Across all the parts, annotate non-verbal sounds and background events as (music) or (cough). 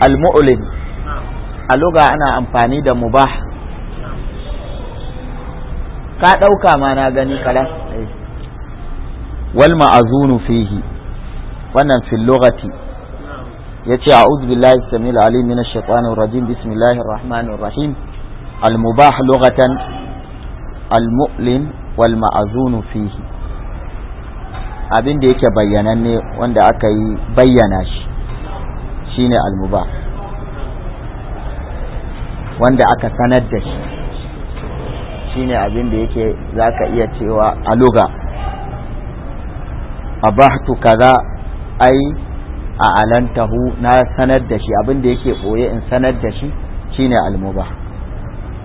al-mu'lin a luga ana amfani da mubah ka ɗauka ma na gani kala. Eh. wal ma'azunu fihi wannan fil lugati yace a'udhu billahi samil alim minash shaitanir rajim bismillahir rahmanir rahim al mubah lughatan al mu'lin wal ma'azunu fihi abin da yake bayyananne wanda aka yi bayyana shi shine almuba wanda aka sanar da shi shine abin da yake zaka iya cewa aluga abahtu kaza ai a alantahu na sanar da shi abin da yake ɓoye in sanar da shi shine almuba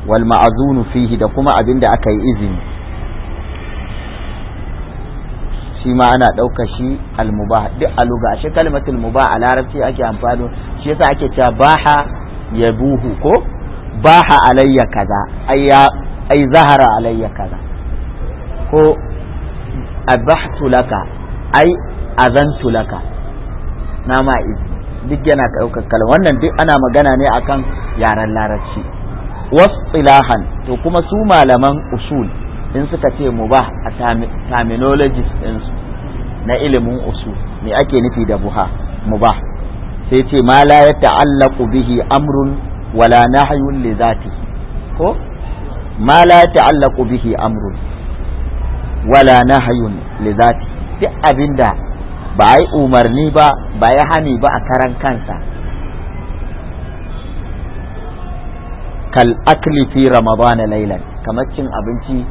wal ma'azunu fihi da kuma abin da aka yi izini shi ma ana ɗauka shi almuba duk a luga ashe kalmatul mubah a larabci ake amfani shi yasa ake cewa baha ya buhu ko baha alayya kaza ai zahara alayya kaza ko abahtu laka ai azantu laka na ma duk yana ɗaukar kalma wannan duk ana magana ne akan yaren larabci ilahan to kuma su malaman usul in suka ce mubah a terminologist ɗinsu na ilimin usu me ake nufi da buha ba? sai ce ma la ya ta'allaqu bihi amrun wala nahyun li zati ko ma la ya ta'allaqu bihi amrun wala nahyun li zati duk abinda ba ai umarni ba ba ya hani ba a karan kansa kal akli fi ramadan laylan kamar cin abinci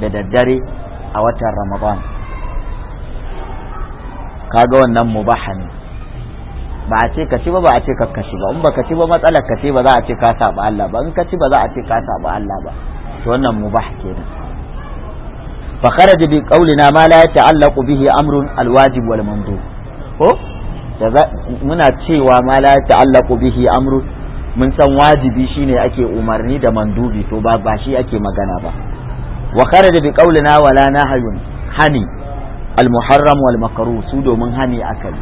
da daddare a watan ramadan kaga wannan mubaha ne ba a ce ka ci ba ba a ce ka ci ba in ba ka ci ba matsalar ka ce ba za a ce ka saba Allah ba in ka ci ba za a ce ka saba Allah ba to wannan mubah kenan fa kharaja bi qawlina ma la yata'allaqu bihi amrun alwajib wal mandub ko muna cewa ma la yata'allaqu bihi amrun mun san wajibi shine ake umarni da mandubi to ba ba shi ake magana ba wa kharaja bi qawlina wala nahyun hani al-muharram wal su domin hani akai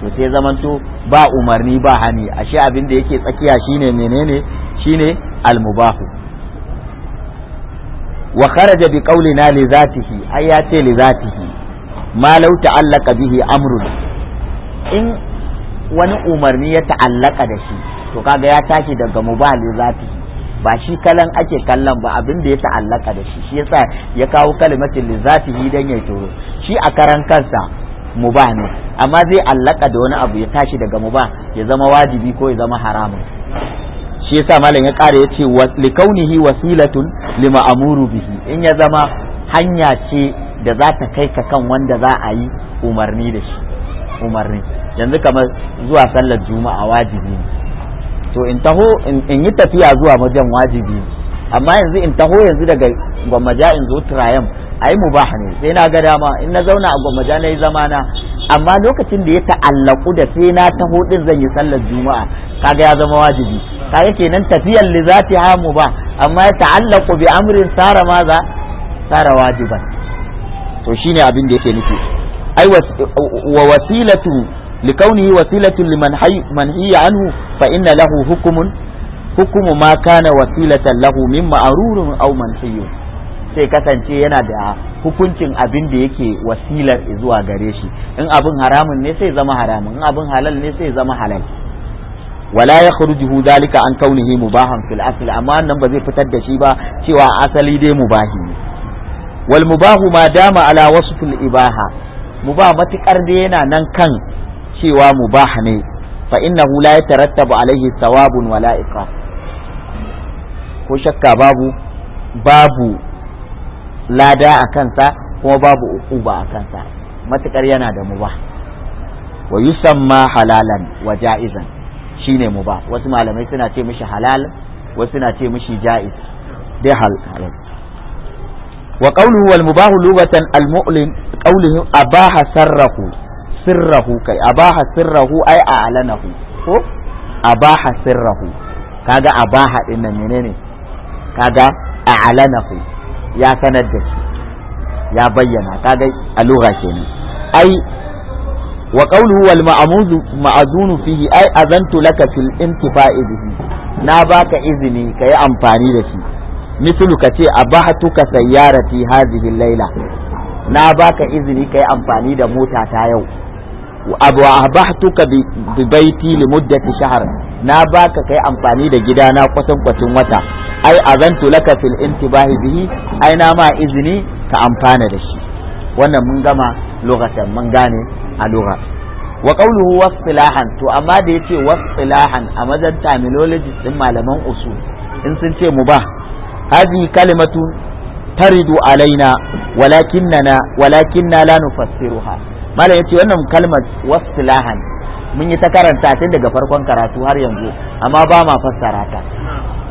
to sai zamanto ba umarni ba hani ashe abin da yake tsakiya shine menene shine al mubah wa kharaja bi qawlina li zatihi ai li zatihi ma law ta'allaqa bihi amrun in wani umarni ya ta'allaka da shi to kaga ya tashi daga mubali zatihi ba shi kalan ake kallon ba abin da ya ta'allaka da shi shi yasa ya kawo kalimatin hi dan ya turo shi a karan kansa mubah ne amma zai allaka da wani abu ya tashi daga muba ya zama wajibi ko ya zama haramun shi yasa malam ya kare yace likaunihi wasilatun lima amuru bihi in ya zama hanya ce da za ta kai ka kan wanda za a yi umarni da shi umarni yanzu kamar zuwa sallar juma'a wajibi ne to in taho in yi tafiya zuwa majan wajibi amma yanzu in taho yanzu daga gwamaja in zo tirayen a yi mubaha ne sai na ga dama in na zauna a gwamaja na yi zamana amma lokacin da ya ta'allaku da sai na taho din zan yi sallar juma'a kaga ya zama wajibi kaga kenan tafiyar li zati ha ba amma ya ta'allaku bi amrin sara maza sara wajiban to shine abin da yake nufi ai wa wasilatu لكونه وسيلة لمن حي منهي عنه فإن له حكم حكم ما كان وسيلة له من معرور أو منحي sai kasance yana da hukuncin abin da yake wasilar zuwa gare shi in abin haramun ne sai zama haramun in abin halal ne sai zama halal wala ya khurujuhu dalika an kaunihi mubahan fil asli amma nan ba zai fitar da shi ba cewa asali dai mubahi ne wal mubahu ma dama ala wasfil ibaha mubah matikar da yana nan kan cewa mubah ne fa innahu la yatarattabu alaihi thawabun wala iqab ko shakka babu babu lada a kansa kuma babu uquba a kansa matukar yana da mubah wa yusamma halalan wa ja'izan shine mubah wasu malamai suna ce mishi halal wasu suna ce mishi ja'iz dai halal wa qawluhu wal mubahu lugatan al mu'lin qawluhu abaha sarrahu sirrahu kai abaha sirrahu ai a alanahu ko abaha sirrahu kaga abaha din nan menene kaga a alanahu ya sanar da shi ya bayyana kaga a lugha kenan ai wa qawluhu wal ma'muzu ma'azunu fihi ai azantu laka fil intifa'i bihi na baka izini kai amfani da shi mislu ka ce abahatuka sayyarati hadhihi layla na baka izini kai amfani da mota ta yau abu ahbahtuka bi baiti li muddati shahr na baka kai amfani da gidana kwatan kwatin wata ai azantu laka fil intibahi bihi ai na ma izini ka amfana da shi wannan mun gama lokacin mun gane a lugha wa qawluhu wasilahan to amma da yace wasilahan a mazan terminology din malaman usul in sun ce mu mubah hadhihi kalimatu taridu alaina walakinna walakinna la nufassiruha malam ya ce wannan kalmar wasilahan mun yi ta karanta tun daga farkon karatu har yanzu amma ba ma fassara ta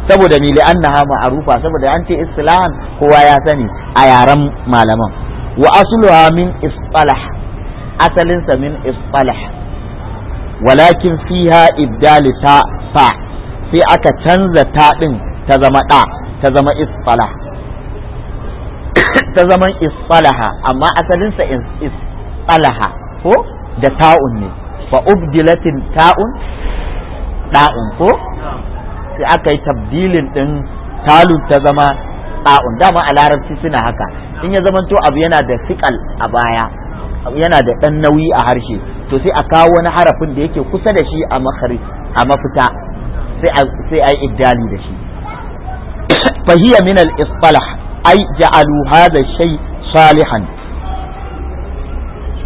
saboda ni li annaha ma'rufa saboda an ce islahan kowa ya sani a yaren malaman wa asluha min isfalah asalin sa min isfalah walakin fiha ibdal ta fa sai aka canza ta din ta zama da ta zama isfalah (coughs) ta zama isfalaha amma asalin sa tsalaha ko da ta'un ne fa ubdilatin ta'un da'un ko sai aka yi tabdilin din talun ta zama ta'un dama a larabci suna haka in ya zamanto abu yana da sikal a baya yana da dan nauyi a harshe to sai a kawo wani harafin da yake kusa da shi a makhari a mafita sai sai ai iddali da shi hiya min al-isfalah ai ja'alu hadha shay salihan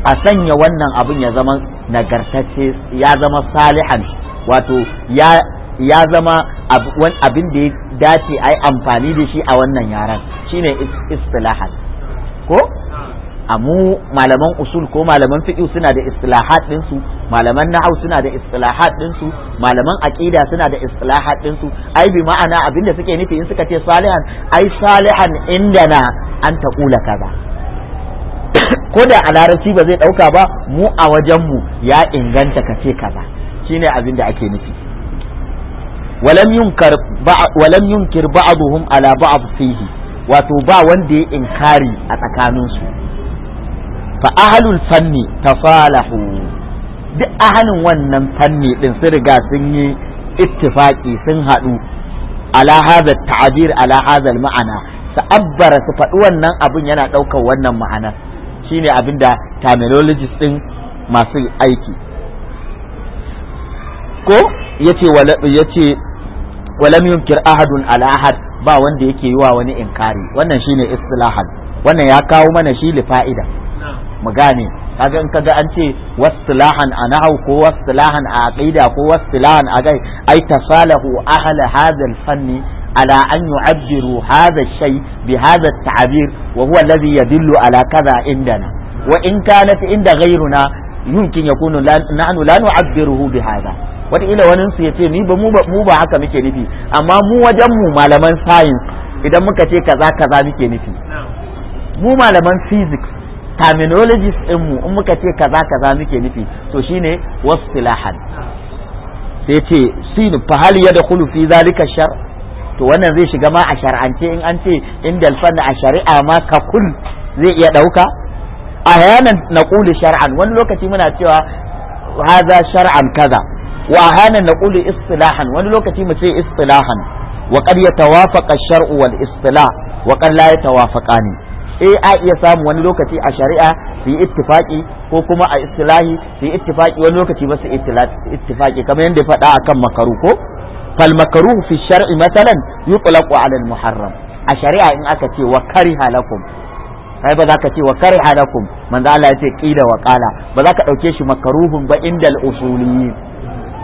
a sanya wannan abin ya zama nagartacce ya zama salihan wato ya ya zama abin da ya dace a yi amfani da shi a wannan yaran shine istilahan ko a mu malaman usul ko malaman fiƙi suna da istilahat ɗinsu malaman nahau suna da istilahat ɗinsu malaman aƙida suna da istilahat ɗinsu ai bi ma'ana abin da suke nufi in suka ce salihan ai salihan inda na an taƙula kaza ko da a larabci ba zai ɗauka ba mu a wajenmu ya inganta ka ce kaza shine abin da ake nufi walam yunkir ba'aduhum ala ba'd fihi wato ba wanda ya inkari a tsakaninsu fa ahlul fanni tafalahu duk ahalin wannan fanni din su riga sun yi ittifaqi sun haɗu ala hadha ta'abir ala hadha ma'ana sa'abbara su faɗi wannan abun yana ɗaukar wannan ma'anar shine abinda terminologist din masu aiki ko yace yace walam kir ahadun ala ahad ba wanda yake yi wa wani inkari wannan shine istilahan wannan ya kawo mana shi li fa'ida mu gane kaga in kaga an ce wasilahan a nahau ko wastilahan a aqida ko wasilahan a gai ai tasalahu ahla hadha fanni على أن يعبروا هذا الشيء بهذا التعبير وهو الذي يدل على كذا عندنا وإن كانت عند غيرنا يمكن يكون نحن لا نعبره بهذا wataƙila wani su ya ce ni ba mu ba haka muke nufi amma mu wajen mu malaman science idan muka ce kaza kaza muke nufi mu malaman physics terminologies din mu in muka ce kaza kaza muke nufi to shine wasu sai ce sin fa hal yadkhulu fi zalika shar to wannan zai shiga ma a shar'ance in an ce indal fanna a shari'a ma ka kul zai iya ɗauka na naqulu shar'an wani lokaci muna cewa haza shar'an kaza wa na naqulu istilahan wani lokaci mu ce istilahan wa qad ya tawafaka sharu wal istilah wa qad la yatawafaqani eh a iya samu wani lokaci a shari'a su yi ittifaki ko kuma a istilahi su yi ittifaki wani lokaci ba su ittifaki kamar yadda faɗa akan makaru ko fal makruh fi shar'i masalan yutlaqu ala al muharram a shari'a in aka ce wa kariha lakum kai ba za ka ce wa kariha lakum manzo Allah ya ce qila wa qala ba za ka dauke shi makruhun ba indal usuliyin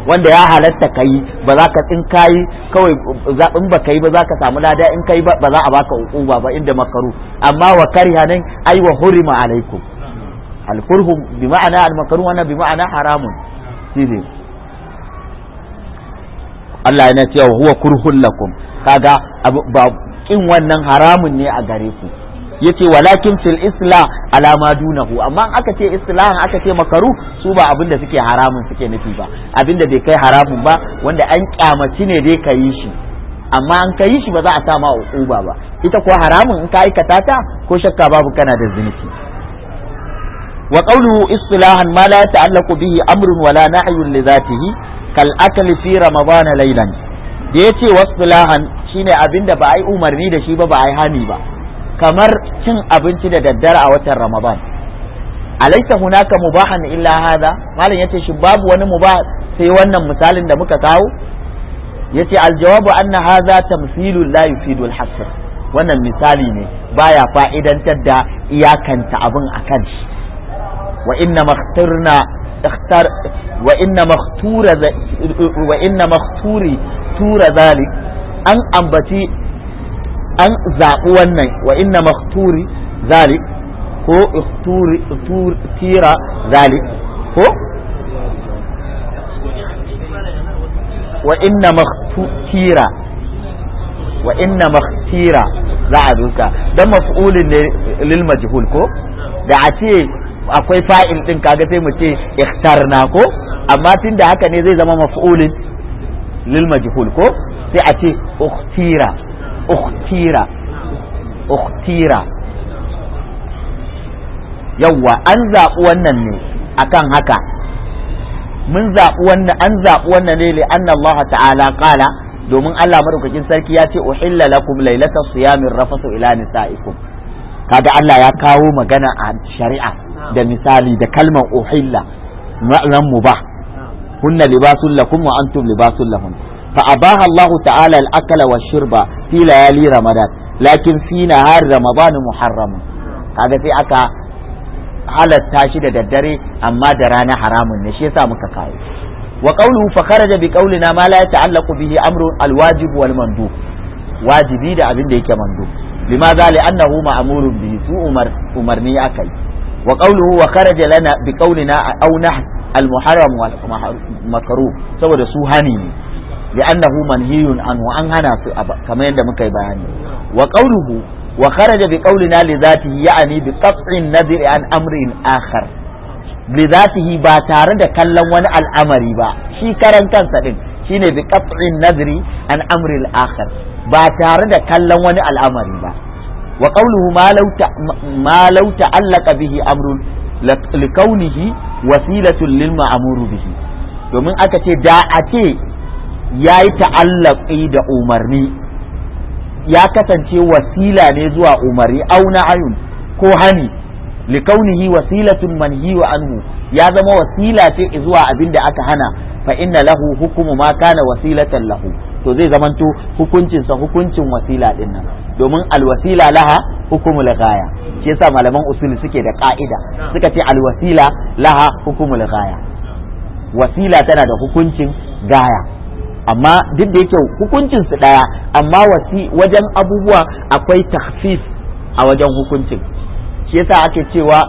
wanda ya halatta kai ba za ka in kayi kawai in ba kai ba za ka samu lada in kai ba za a baka uquba ba inda makaru amma wa kariha nan ai wa hurima alaikum al-kurhu bi ma'ana al-makruh wannan bi ma'ana haramun shine Allah yana cewa huwa kurhun lakum kaga ba kin wannan haramun ne a gare ku yace walakin fil isla ala ma dunahu amma in aka ce islahan aka ce makaru su ba abinda suke haramun suke nufi ba abinda bai kai haramun ba wanda an kyamaci ne dai ka shi amma an ka shi ba za a sama uba ba ita ko haramun in ka aikata ko shakka babu kana da zunubi wa qawluhu islahan ma la ta'allaqu bihi amrun wala nahyun li dhatihi kal akli fi ramadan laylan da yace wasbilahan shine abinda ba ai umarni da shi ba ba ai hani ba kamar cin abinci da daddare a watan ramadan alaysa hunaka mubahan illa hada malam yace shi babu wani mubah sai wannan misalin da muka kawo yace aljawabu anna hadha tamthilu la yufidu alhasr wannan misali ne baya fa'idantar da iyakanta abin akan shi wa inna makhtarna اختار وان مختور وان مختور تور ذلك أن أنبتي أن زابو wannan وان مختور ذلك هو اختوري تور تيرا ذلك هو وان مختور وان مختيرا za a duka don mafi'ulin ne lil majhul akwai fa'il ɗin kaga sai mu ce ikhtarna ko amma tunda haka ne zai zama maf'ulin lil majhul ko sai a ce ukhtira ukhtira ukhtira yawwa an zaɓi wannan ne akan haka mun zaɓi wannan an zaɓi wannan ne li anna Allah ta'ala qala domin Allah madaukakin sarki ya ce uhilla lakum lailatas siyamir rafasu ila nisaikum kaga Allah ya kawo magana a shari'a da misali da kalmar uhilla mu ba hunna libasun lakum wa antum libasun lahun fa abaha Allah ta'ala al-akala wa shirba fi layali ramadan lakin fi nahar ramadan muharram kaga sai aka halatta shi da daddare amma da rana haramun ne shi yasa muka kawo wa qawluhu fa kharaja bi qawlina ma la yata'allaqu bihi amru al-wajib wal mandub wajibi da abin da yake mandub limaza li'annahu ma'murun bihi su umar umarni akai wa qawluhu wa kharaja lana bi qawlina aw nah al muharram saboda su hani ne li'annahu manhiyun anhu an hana su kamar yadda muka bayani wa qawluhu wa kharaja bi qawlina li dhatihi bi qat'in nadri an amrin akhar li ba tare da kallon wani al'amari ba shi karan kansa shine bi qat'in an amrin akhar ba tare da kallon wani al'amari ba wa qawluhu ma law bihi amrun likaunihi wasilatun lil ma'muru bihi domin aka ce da a ce yi ta'allaqi da umarni ya kasance wasila ne zuwa umarni auna ayun ko hani likaunihi wasilatun manhiyu anhu ya zama wasila ce zuwa abin da aka hana fa inna lahu hukumu ma kana wasilatan lahu to zai zamanto hukuncin sa hukuncin wasila din nan domin alwasila laha hukumul ghaya shi yasa malaman usuli suke da ka'ida suka ce alwasila laha hukumul ghaya wasila tana da hukuncin gaya amma duk da yake hukuncin su daya amma wasi wajen abubuwa akwai takhfif a wajen hukuncin shi yasa ake cewa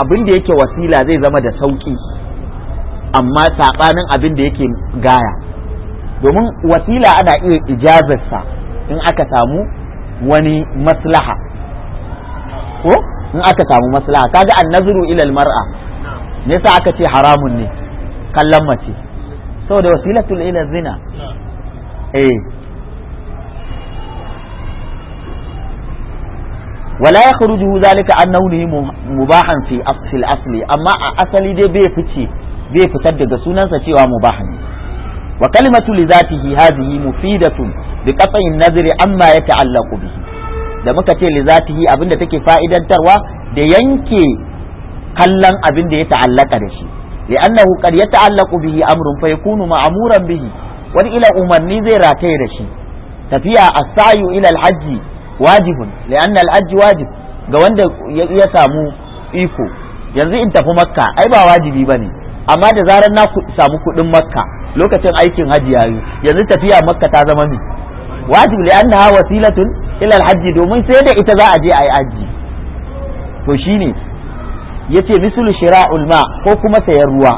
abin da yake wasila zai zama da sauki amma sabanin abin da yake gaya domin wasila ana iya ijazarsa in aka samu wani maslaha ko in aka samu maslaha kaga an nazaru ilal mar'a me yasa aka ce haramun ne kallon mace saboda wasilatul ila zina eh ولا يخرج zalika an nauni مباحا في asli amma a asali dai bai fice bai fitar daga sunansa cewa mubahan wa kalimatu li zatihi hadhihi mufidatun bi in nazri amma yata'allaqu bihi da muka ce li zatihi abinda take fa'idantarwa da yanke kallon abin da ya ta'allaka da shi li'annahu qad ta'allaku bihi amrun fa yakunu bihi wani ila umarni zai rataye da shi tafiya a sayu ila al-hajji wajibun li'anna al-hajji wajib ga wanda ya samu iko yanzu in tafi makka ai ba wajibi ba ne amma da zarar na samu kuɗin makka lokacin aikin hajji yayi yanzu tafiya makka ta zama mi wajibi li annaha wasilatun ila alhajji domin sai da ita za a je ayi hajji to shine yace misul shira'ul ma ko kuma sayar ruwa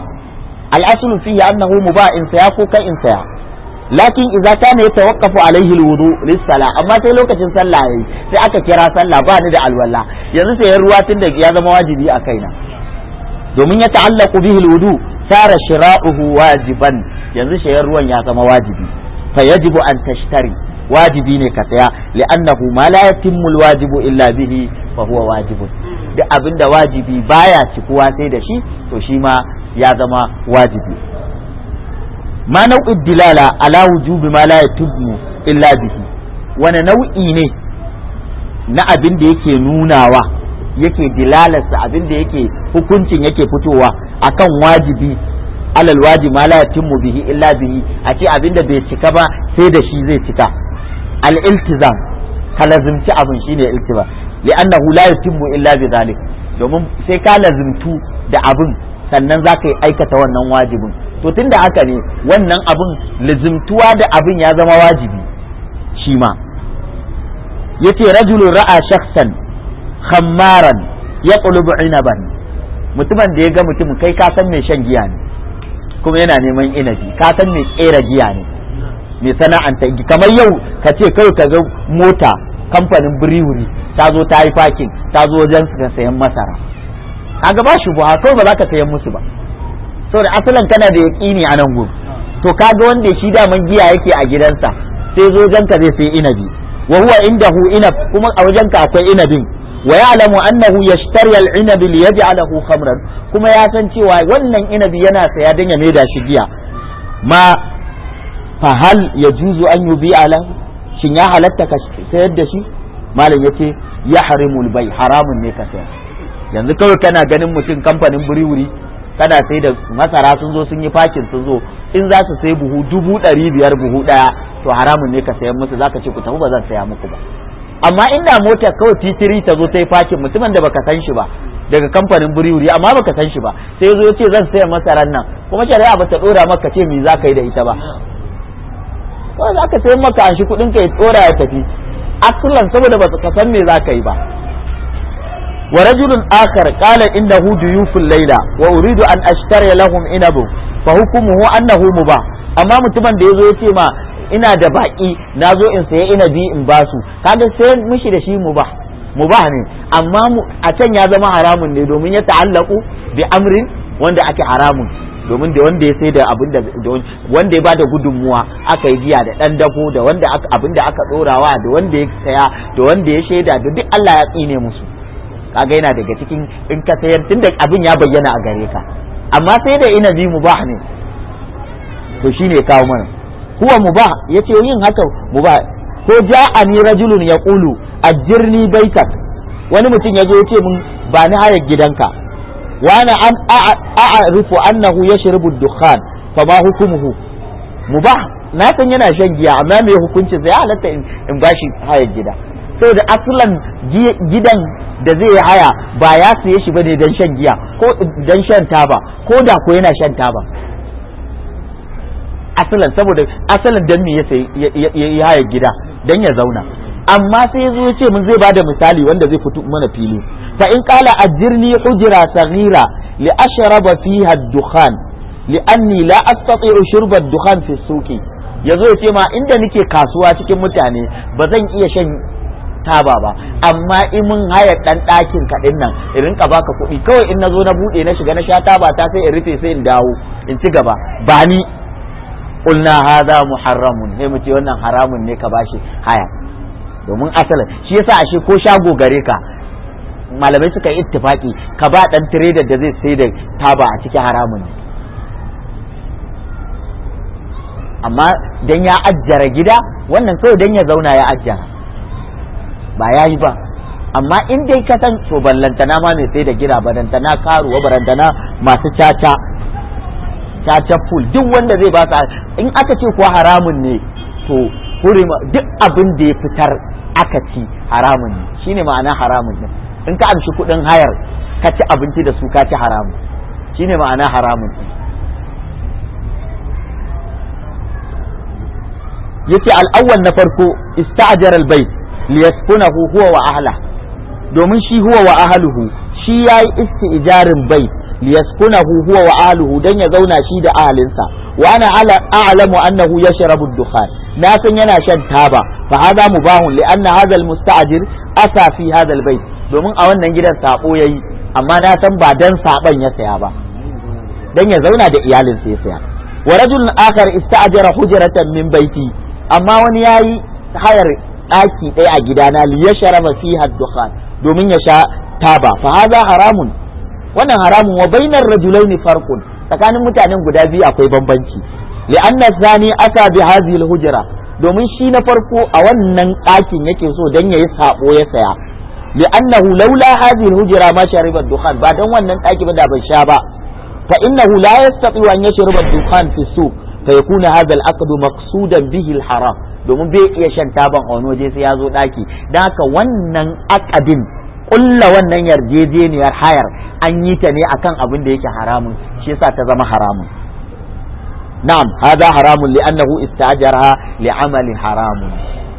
al'aslu mu annahu muba'in saya ko kai in saya lakin idza kana yatawaqqafu alaihi alwudu lis-sala amma sai lokacin sallah yayi sai aka kira sallah ba ni da alwala yanzu sayar ruwa tunda ya zama wajibi a kaina domin ya ta'allaku bihi alwudu sara shira'uhu wajiban yanzu shayar ruwan ya zama wajibi fa yajibu an tashtari wajibi ne ka saya li'annahu ma la yatimmu alwajibu illa bihi fa huwa wajibun duk abinda wajibi baya cikuwa sai da shi to shi ma ya zama wajibi ma nau'i dilala ala wujubi ma la yatimmu illa bihi wani nau'i ne na abinda da yake nunawa yake dilalarsa abinda da yake hukuncin yake fitowa akan wajibi alal waji ma la yatimmu bihi illa bihi a ce abinda bai cika ba sai da shi zai cika al iltizam ka lazimci abin shine iltiba li'annahu la yatimmu illa bi zalik domin sai ka lazimtu da abin sannan zaka ka yi aikata wannan wajibin to tunda haka ne wannan abin lazimtuwa da abin ya zama wajibi shi ma yace rajulu ra'a shakhsan khammaran yaqlubu inaban mutumin da ya ga mutum kai ka san mai shan giya ne kuma yana neman inabi ka san mai tsera giya ne mai sana'anta kamar yau ka ce kai ka ga mota kamfanin biriwuri ta zo ta yi fakin ta zo wajen su sayan masara a gaba shi ba kawai ba za ka sayan musu ba saboda asalin kana da yaƙini a nan gudu to kaga wanda shi daman giya yake a gidansa sai zo wajen ka zai sai inabi wa huwa hu inab kuma a wajenka akwai inabin wa ya'lamu annahu yashtari al-inab li yaj'alahu khamran kuma ya san cewa wannan inabi yana saya dan ya maida shi giya ma fa hal yajuzu an yubi ala shin ya halatta ka sayar da shi malam yace ya harimul haramun ne ka sayar yanzu kawai kana ganin mutum kamfanin buriwuri kana sai da masara sun zo sun yi fakin sun zo in za su sai buhu dubu ɗari biyar buhu ɗaya to haramun ne ka sayan musu zaka ce ku tafi ba zan saya muku ba amma inda mota kawai titiri ta zo sai fakin mutumin da baka san shi ba daga kamfanin buriwuri amma baka san shi ba sai ya zo ya ce zan saya masarar nan kuma shari'a ba ta dora maka ce me za ka yi da ita ba kawai za ka sayar maka an shi kuɗin ka ya dora ya tafi aslan saboda ba ka san me za ka yi ba wa rajulun akhar qala innahu duyuful layla wa uridu an ashtari lahum inabu fa hukmuhu annahu mubah amma mutumin da yazo ya ce ma ina da baƙi na zo in saya inabi in basu kaga sai mushi da shi mu mubah ne amma a can ya zama haramun ne domin ya ta'allaku bi amrin wanda ake haramun domin da wanda ya sai da abin da wanda ya bada gudunmuwa aka yi giya da dan dako da wanda abin da aka tsorawa da wanda ya saya da wanda ya shaida da duk Allah ya tsine musu kaga yana daga cikin in ka sayar tunda abin ya bayyana a gare ka amma sai da inabi mubah ne to shine kawo mana huwa mubah yace yin haka mubah ko ja'ani rajulun yaqulu ajirni baitak wani mutum yazo yace mun ba ni hayar gidanka wa ana an a'rifu annahu yashrubu ad-dukhan fa ma hukumuhu mubah na san yana shan giya amma me hukunci sai halatta in bashi hayar gida saboda aslan gidan da zai haya ba ya siye shi bane dan shan giya ko dan shan taba ko da ko yana shan taba asalan saboda asalin dan me ya sai ya haya gida dan ya zauna amma sai yazo ya ce mun zai bada misali wanda zai fito mana fili fa in qala ajirni hujra saghira li ashraba fiha ad-dukhan li anni la astati'u shurba ad-dukhan fi suqi yazo ya ce ma inda nake kasuwa cikin mutane ba zan iya shan taba ba amma in mun haya dan ɗakin din nan in rinka baka kuɗi kawai in nazo na buɗe na shiga na sha taba ta sai in rufe sai in dawo in ci gaba ba ni qulna hadha muharramun sai mu ce wannan haramun ne ka bashi haya domin asalin shi yasa ashe ko shago gare ka malamai suka yi ittifaki ka ba dan trader da zai sai da taba a cikin haramun ne amma dan ya ajjara gida wannan kawai dan ya zauna ya ajjara ba ya yi ba amma in dai ka san to ballantana ma mai sai da gida ballantana karuwa ballantana masu caca tatafful duk wanda zai ba su in aka ce kuwa haramun ne to hurima duk abin da ya fitar aka ci haramun ne shine ma'ana haramun ne in ka amshi kuɗin hayar ka ci abinci da su ka ci haramun shine ma'ana haramun ne yace al'awwal na farko ista'jara bai bayt liyaskunahu huwa wa ahla domin shi huwa wa ahluhu shi yayi ijarin bai. liyaskunahu huwa wa ahluhu dan ya zauna shi da ahalinsa wa ana a'lamu annahu yashrabu ad-dukhan na san yana shan taba fa hadha mubahun li anna hadha al-musta'jir asa fi hadha al-bayt domin a wannan gidan sabo yayi amma na san ba dan saban ya saya ba dan ya zauna da iyalinsa ya saya wa rajulun akhar ista'jara hujratan min baiti amma wani yayi hayar daki ɗaya a gidana liyashraba fiha ad-dukhan domin ya sha taba fa hadha haramun wannan haramun wa bainar ne farkon tsakanin mutanen guda biyu akwai bambanci li'anna zani aka bi hadhihi al domin shi na farko a wannan ɗakin yake so dan yayi sabo ya saya li'annahu laula hadhihi al ma shariba dukhan ba dan wannan ɗaki ba da ban sha ba fa innahu la yastati an yashriba dukhan fi suq fa yakuna hadha al maqsudan bihi al-haram domin bai iya shan taban a wani waje sai ya zo ɗaki dan haka wannan akadin kulla wannan yarjejeniyar hayar an yi ta ne akan abin da yake haramun shi yasa ta zama haramun na'am hada haramun li'annahu istajara li'amalin haramun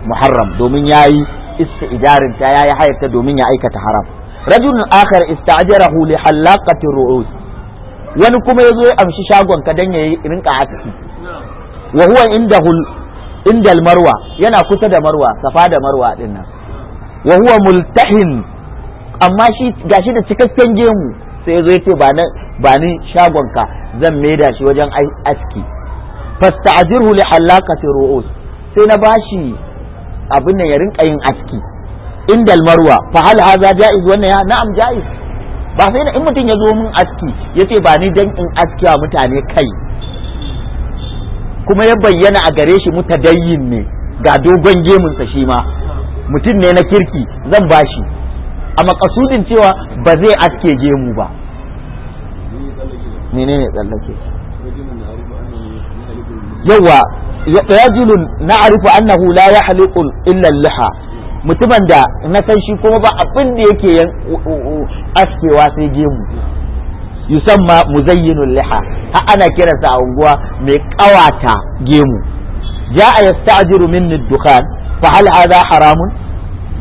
muharram domin yayi istijarin ta yayi hayar ta domin ya aikata haram rajulun akhar istajarahu li halaqati ru'us wani kuma yazo ya amshi shagon ka dan yayi rinka aski wa huwa indahul indal marwa yana kusa da marwa safa da marwa dinnan wa huwa multahin amma shi gashi da cikakken gemu sai zo yace ba ni ba ni shagonka zan maida shi wajen aski fasta'dirhu li halaqati ru'us sai na bashi abin nan ya rinka yin aski indal marwa fa hal hadha ja'iz wannan ya na'am ja'iz ba sai in mutum ya zo min aski yace ba ni dan in aski wa mutane kai kuma ya bayyana a gare shi mutadayyin ne ga dogon gemunsa shi ma mutum ne na kirki zan bashi a makasudin cewa ba zai aske gemu ba ne tsallake yawa rajulun na arifu annahu la yahliqu illa liha mutumin da na san shi kuma ba abin da yake askewa sai gemu yusamma muzayyinul liha ha ana kiransa a unguwa mai kawata gemu ja'a yasta'jiru minni dukhan fa hal hadha haramun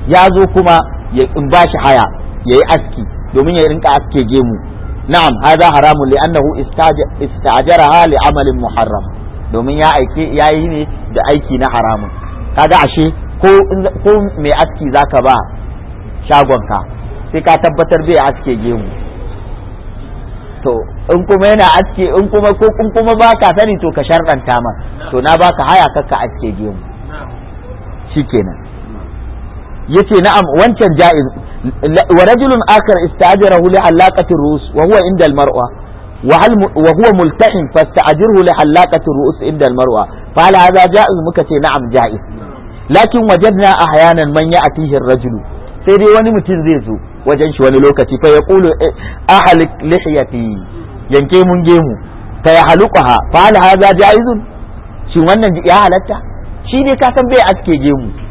ya zo kuma ya in ba shi haya ya yi aski domin ya rinka aske gemu na'am hadha haramun li annahu istajaraha li amalin muharram domin ya aike yayi ne da aiki na haramun kaga ashe ko ko mai aski zaka ba shagonka sai ka tabbatar bai aske gemu to in kuma yana aske in kuma ko in kuma baka sani to ka sharɗanta ma to na baka haya kakka aske gemu shikenan yace na'am wancan ja'iz wa rajulun akhar istajarahu li halaqati rus wa huwa inda al-mar'a wa hal wa huwa multahin fastajirhu li halaqati rus inda al-mar'a fa hal hadha ja'iz muka ce na'am ja'iz lakin wajadna ahyanan man ya'tihi ar-rajulu sai dai wani mutum zai zo wajen shi wani lokaci fa yaqulu eh, ahalik lihiyati yanke mun gemu fa yahluqaha fa hal hadha ja'izun shi wannan ya halatta shi ne ka san bai aske gemu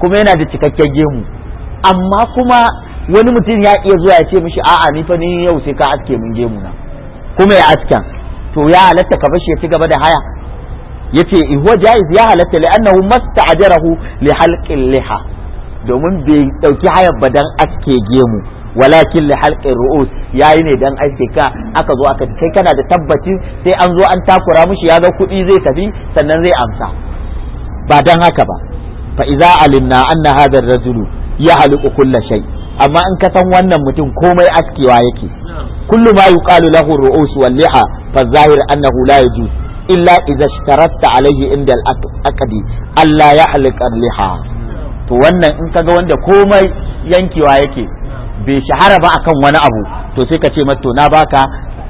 kuma yana da cikakken gemu amma kuma wani mutum ya iya zuwa ya ce mishi a'a ni fa ni yau sai ka aske mun gemu na kuma ya aske. to ya halatta ka bashi ya ci gaba da haya yace huwa jaiz ya halatta li annahu masta'jarahu li halqil liha domin bai dauki hayar ba dan aske gemu walakin li halqin ru'us yayi ne dan aske ka aka zo aka kai kana da tabbaci sai an zo an takura mishi ya ga kuɗi zai tafi sannan zai amsa ba dan haka ba fa alinna alimna anna hadha ar ya yahliqu kulla shai amma in ka san wannan mutum komai askewa yake kullu ma yuqalu lahu ar-ru'us wal liha fa zahir annahu la yajuz illa iza ishtaratta alaihi inda al-aqdi alla yahliq liha to wannan in kaga wanda komai yankewa yake bai shahara ba akan wani abu to sai ka ce masa to na baka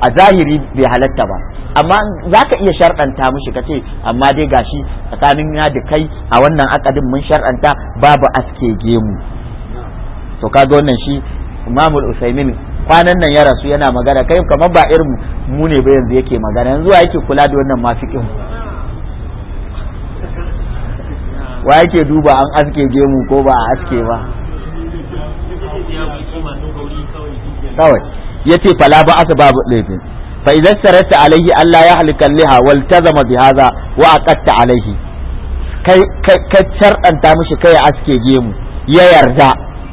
a zahiri bai halatta ba amma za ka iya sharɗanta mushi ka ce amma dai gashi tsakanin na da kai a wannan akadin mun sharɗanta babu aske gemu to ka ga wannan shi imamul usaimin kwanan nan ya rasu yana magana kai kamar ba irin mu ne ba yanzu yake magana yanzu wa yake kula da wannan mafikin wa yake duba an aske gemu ko ba a aske ba kawai ya ce fala ba asa babu laifin fa idza sarata alaihi Allah ya halika liha wal tazama bi hadha wa aqatta alaihi kai ka charɗanta mishi kai aske gemu ya yarda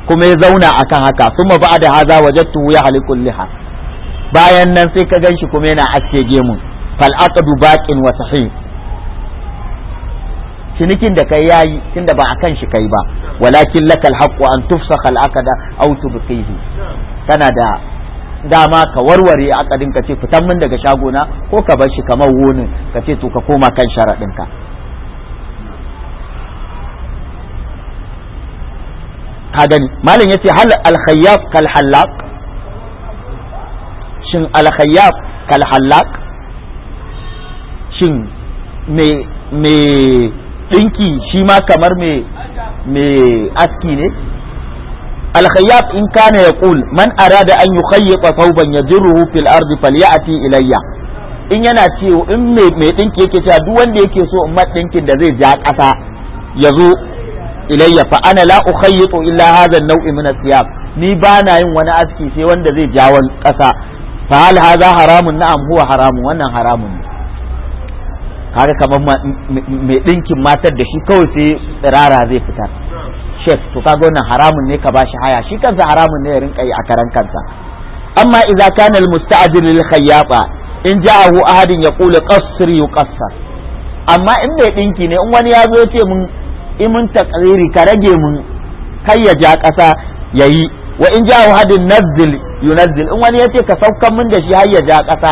kuma ya zauna akan haka suma thumma ba'da hadha wajadtu ya hali kulliha bayan nan sai ka ganshi kuma yana aske gemu fal aqdu baqin wa sahih cinikin da kai yayi tunda ba akan shi kai ba walakin lakal haqqu an tufsakha al aqda aw tubqihi kana da dama ka warware akadin ka ce fitan min daga shagona ko ka bar shi kamar wonin ka ce to ka koma kan sharaɗin ka ka gani malam yace hal al-khayyaf kal halaq shin al-khayyaf kal halaq shin me me dinki shi ma kamar me me aski ne الخياط إن كان يقول من أراد أن يخيط ثوبا يجره في الأرض فليأتي إلي in yana cewa in mai ɗinki yake cewa duk wanda yake so in dinkin da zai ja ƙasa ya zo ilayya fa ana la ukhayitu illa hadha an-naw'i min as-siyab ni ba na yin wani aski sai wanda zai ja wani ƙasa fa hal hadha haramun na'am huwa haramun wannan haramun ne kaga kamar mai ɗinkin matar da shi kawai sai tsirara zai fitar shek to kaga haramun ne ka bashi haya shi kansa haramun ne ya rinka yi a karan kansa amma idza kana al musta'jil lil khayyaba in ja'ahu ahadin yaqulu qasri yuqassar amma in mai dinki ne in wani ya zo ce mun in mun taqriri ka rage mun kai ya ja kasa yayi wa in ja'ahu ahadin nazzil yunazzil in wani ya ce ka saukan mun da shi har ya ja kasa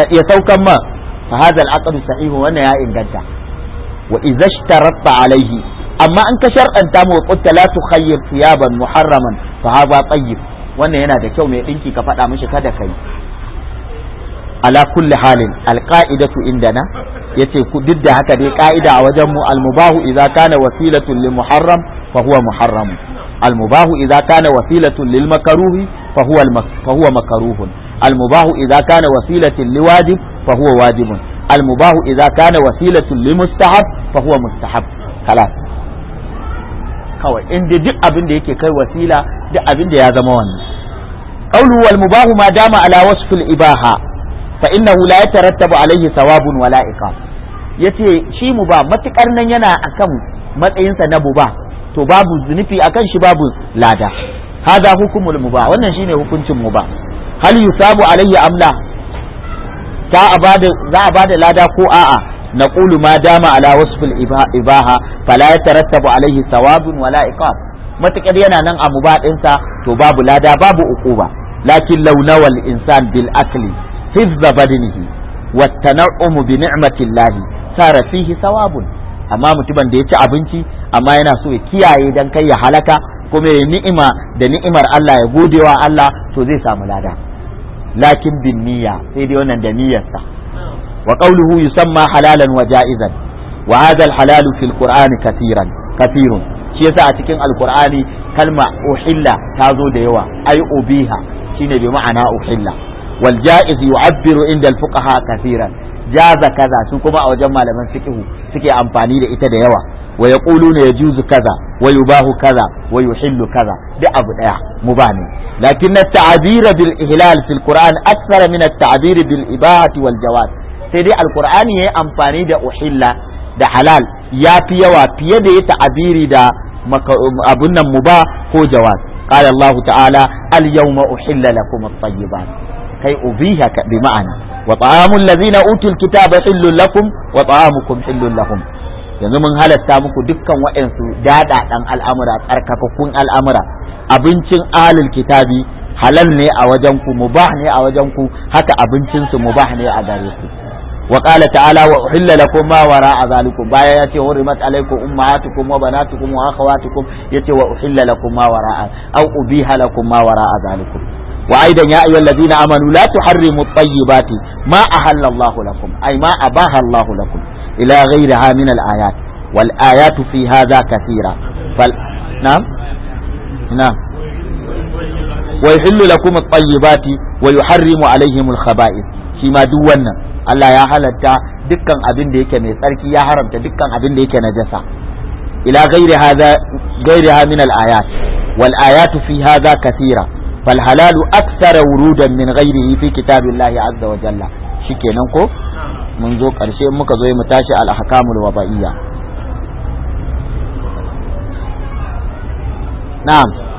ya saukan ma fa hadha al aqd sahih wannan ya inganta wa idza ishtaratta alaihi amma an ka shar'anta mu qutta la tukhayyir thiyaban muharraman fa hadha tayyib wannan yana da kyau mai dinki ka faɗa mishi kada kai ala kulli halin alqa'idatu indana yace ku duk da haka dai ka'ida a wajen mu almubahu idza kana wasilatun lil muharram fa huwa muharram almubahu idza kana wasilatun lil makruhi fa huwa fa huwa makruhun almubahu idza kana wasilatan liwajib fa huwa wajibun almubahu idza kana wasilatan limustahab fa huwa mustahab خلاص kawai inda duk abin da yake kai wasila duk abin da ya zama wani. qawlu wal mubahu ma dama ala wasfil ibaha fa innahu la yatarattabu alayhi thawabun wala iqab yace shi mubah matukar nan yana akan matsayinsa na buba. to babu zunufi akan shi babu lada hada hukumul mubah wannan shine hukuncin mubah hal yusabu alayhi amla ta abada za a bada lada ko a'a naqulu ma dama ala wasfil ibaha fala yatarattabu alaihi thawabun wala iqab matakar yana nan a sa to babu lada babu uquba lakin law insan bil akli hifza badinihi wa tan'umu bi ni'mati llahi sara fihi thawabun amma mutumin da ya ci abinci amma yana so ya kiyaye dan kai ya halaka kuma ya ni'ima da ni'imar Allah ya godewa Allah to zai samu lada lakin bin niyya sai dai wannan da niyyarsa wa qawluhu yusamma halalan wa ja'izan wa hadha al-halal fi al-qur'ani kathiran shi yasa a cikin al kalma uhilla ta zo da yawa ay ubiha shine bi ma'ana uhilla wal ja'iz yu'abbiru inda al-fuqaha kathiran jaza kaza su kuma a wajen malaman fiqhu suke amfani da ita da yawa wa yaquluna yajuzu kaza wa yubahu kaza wa yuhillu kaza da abu daya mubani lakin at-ta'bir bil ihlal fil qur'an akthara min at-ta'bir bil ibahati wal jawaz sai dai alkur'ani ya yi amfani da uhilla da halal ya fi yawa fiye da ya ta'abiri da abun nan muba ko jawaz qala Allah ta'ala al ma uhilla lakum at-tayyibat kai ubiha bi ma'ana wa utulkitaba ladzina utul kitaba hillul yanzu mun halatta muku dukkan waɗansu daɗaɗan al'amura tsarkakakkun al'amura abincin alul kitabi halal ne a wajen ku mubah ne a wajen ku haka abincin su mubah ne a gare ku وقال تعالى وأحل لكم ما وراء ذلك بايا يتي حرمت عليكم أمهاتكم وبناتكم وأخواتكم يتي وأحل لكم ما وراء أو أبيها لكم ما وراء ذلك وأيضا يا أيها الذين آمنوا لا تحرموا الطيبات ما أحل الله لكم أي ما أباها الله لكم إلى غيرها من الآيات والآيات في هذا كثيرة فال... نعم نعم ويحل لكم الطيبات ويحرم عليهم الخبائث فيما دون Allah ya halatta dukkan abin da yake mai tsarki ya haramta dukkan abin da yake najasa ila ghairi hadha min al ayat wal ayatu fi hadha kathira fal halalu akthara wurudan min ghairihi fi kitabillahi azza wa jalla shikenan ko mun zo karshe muka zo mu tashi al ahkamul wabaiya na'am